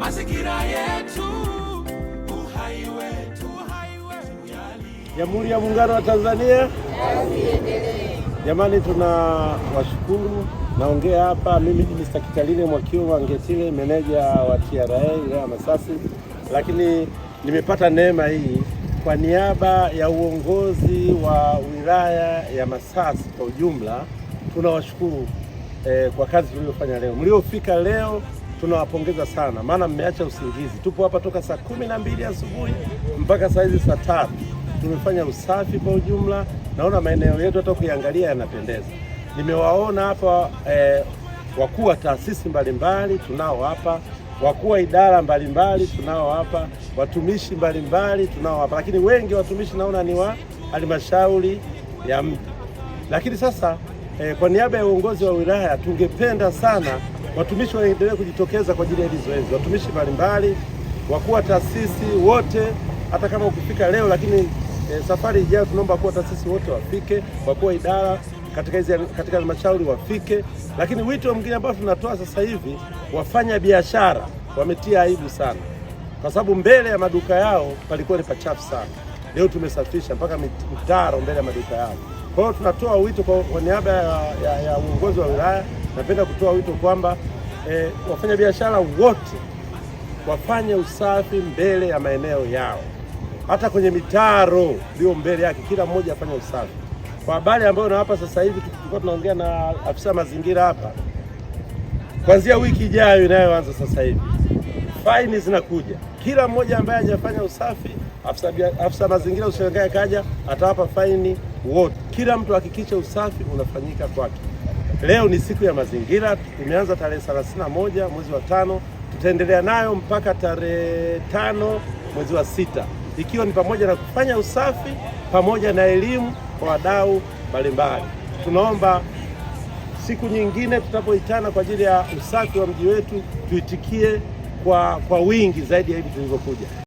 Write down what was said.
mazingira yetu, uhai wetu. Jamhuri ya Muungano wa Tanzania, jamani, tuna washukuru. Naongea hapa mimi ni Mr. Kitaline Mwakiwa Ngetile, meneja wa TRA wilaya ya Masasi, lakini nimepata neema hii kwa niaba ya uongozi wa wilaya ya Masasi kwa ujumla tunawashukuru eh, kwa kazi tuliyofanya leo. Mliofika leo tunawapongeza sana, maana mmeacha usingizi. Tupo hapa toka saa kumi na mbili asubuhi mpaka saa hizi saa tatu. Tumefanya usafi kwa ujumla, naona maeneo yetu hata kuiangalia yanapendeza. Nimewaona hapa eh, wakuu wa taasisi mbalimbali tunao hapa, wakuu wa idara mbalimbali tunao hapa, watumishi mbalimbali tunao hapa, lakini wengi watumishi naona ni wa halmashauri ya mji. Lakini sasa eh, kwa niaba ya uongozi wa wilaya tungependa sana watumishi waendelee kujitokeza kwa ajili ya hili zoezi, watumishi mbalimbali, wakuu wa taasisi wote, hata kama ukifika leo lakini e, safari ijayo tunaomba wakuu wa taasisi wote wafike, wakuu wa idara katika hizi katika halmashauri wafike. Lakini wito mwingine ambao tunatoa sasa hivi, wafanya biashara wametia aibu sana, kwa sababu mbele ya maduka yao palikuwa ni pachafu sana. Leo tumesafisha mpaka mitaro mbele ya maduka yao. Kwa hiyo tunatoa wito kwa niaba ya uongozi wa wilaya napenda kutoa wito kwamba eh, wafanyabiashara wote wafanye usafi mbele ya maeneo yao, hata kwenye mitaro ndio mbele yake, kila mmoja afanye usafi. Kwa habari ambayo nawapa sasa hivi, tulikuwa tunaongea na afisa mazingira hapa, kuanzia wiki ijayo inayoanza sasa hivi faini zinakuja. Kila mmoja ambaye hajafanya usafi, afisa, afisa mazingira ushangae kaja atawapa faini wote. Kila mtu hakikisha usafi unafanyika kwake. Leo ni siku ya mazingira, imeanza tarehe moja mwezi wa tano, tutaendelea nayo mpaka tarehe tano mwezi wa sita, ikiwa ni pamoja na kufanya usafi pamoja na elimu kwa wadau mbalimbali. Tunaomba siku nyingine tutapoitana kwa ajili ya usafi wa mji wetu tuitikie kwa, kwa wingi zaidi ya hivi tulivyokuja.